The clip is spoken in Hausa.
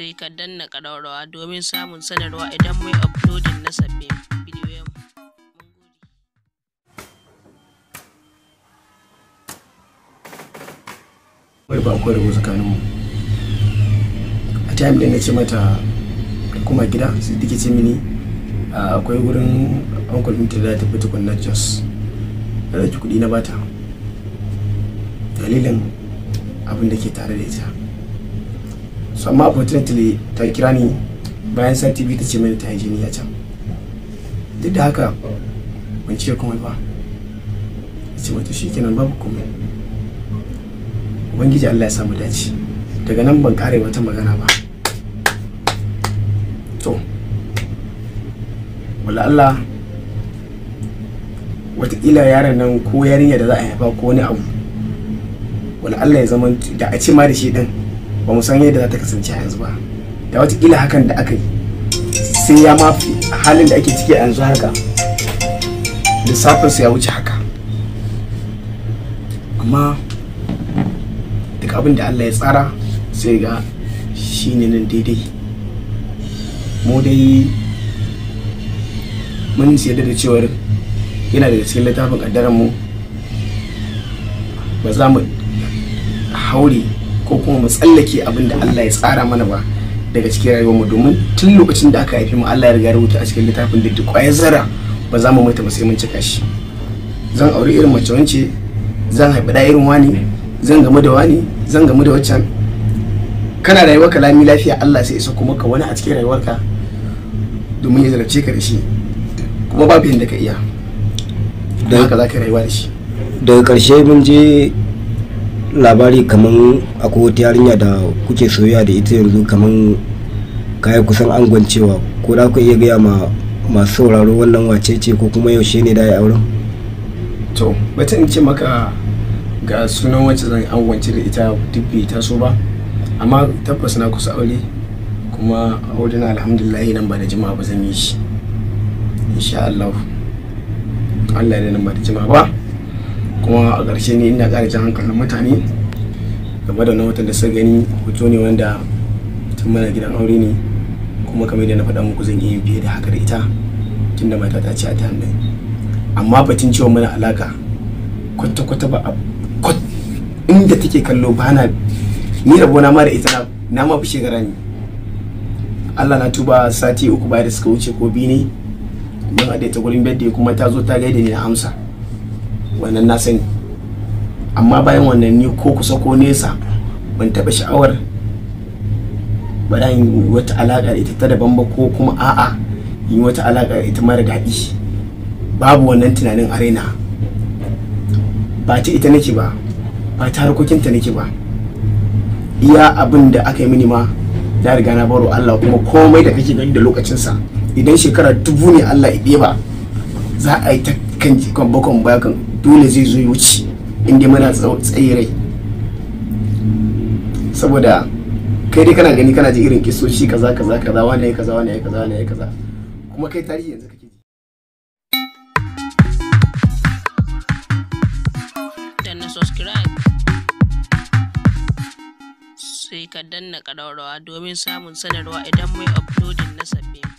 sai ka danna ƙararrawa domin samun sanarwa idan mai uploading na sabbin Wai ba akwai rubutu tsakaninmu. A time ɗin na ce mata da kuma gida su dike ce mini akwai wurin uncle mutu da ta fito tukunna Jos. Da kuɗi na bata. Dalilin abin da ke tare da ita. so amma opportunity ta kira ni bayan sati biyu ta ce mai ta yi jini a can duk da haka ban ce komai ba ce mata shi kenan babu komai ubangiji allah ya samu dace daga nan ban kare wata magana ba to wala allah watakila yaran nan ko yarinya da za a haifa ko wani abu wala allah ya zama da a ce ma da shi din ba mu san yadda za ta kasance yanzu ba da watakila hakan da aka yi sai ya mafi halin da ake ciki a yanzu haka lissafinsa ya wuce haka amma duk abin da allah ya tsara sai ga shi ne nan daidai mu dai mun yadda da cewar yana da cikin littafin ƙaddarar mu ba za mu haure ko kuma mu tsallake abin da Allah ya tsara mana ba daga cikin rayuwar mu domin tun lokacin da aka haife mu Allah ya riga rubuta a cikin littafin da kwayar zara ba za mu mutu ba sai mun cika shi zan aure irin mace wance zan haifi da irin wani zan gamu da wani zan gamu da waccan kana rayuwar Lami lafiya Allah sai isa kuma ka wani a cikin rayuwarka domin ya zarafce ka da shi kuma babu yadda ka iya don haka za ka rayuwa da shi daga ƙarshe mun je labari kaman akwai wata yarinya da kuke soyayya da ita yanzu kaman kayan kusan angon cewa ko da ku iya gaya ma masu sauraro wannan wace ce ko kuma yaushe ne da ya auren to bata in ce maka ga sunan wacce zan angwance da ita duk bai taso ba amma tabbas na kusa aure kuma aure na alhamdulillah nan ba da jima'a ba zan yi shi insha Allah Allah ya nan ba da jima'a ba kuma a ƙarshe ne ina ƙara jan hankalin mutane game da watan da suka gani hoto ne wanda tun mana gidan aure ne kuma kamar da na faɗa muku zan iya fiye da haka da ita tunda mata ta ce a ta hannu amma batun cewa mana alaka kwata-kwata ba a inda take kallo ba na ni rabona ma da ita na ma fi shekara ne Allah na tuba sati uku baya da suka wuce ko bi ne don a daita gurin bedde kuma ta zo ta gaida ni na amsa wannan na sani amma bayan wannan ni ko kusa ko nesa ban taɓa sha'awar bayan wata alaƙa ita ta daban ba ko kuma a'a yi wata alaƙa ita mara daɗi babu wannan tunanin arena ba ta ita nake ba ba ta harkokinta nake ba iya abin da aka yi mini ma na riga na baro Allah kuma komai da kake gani da lokacinsa idan shekara dubu ne Allah ya ɗeba za a yi ta kan kikon bakon bakan dole zai zo wuce inda muna tsaye rai saboda kai dai kana gani kana ji irin kisoshi kaza kaza kaza wani ya kaza wani ya kaza wani ya kaza kuma kai tarihi yanzu kake danna subscribe sai ka danna ƙararrawa domin samun sanarwa idan mai uploading na sabbin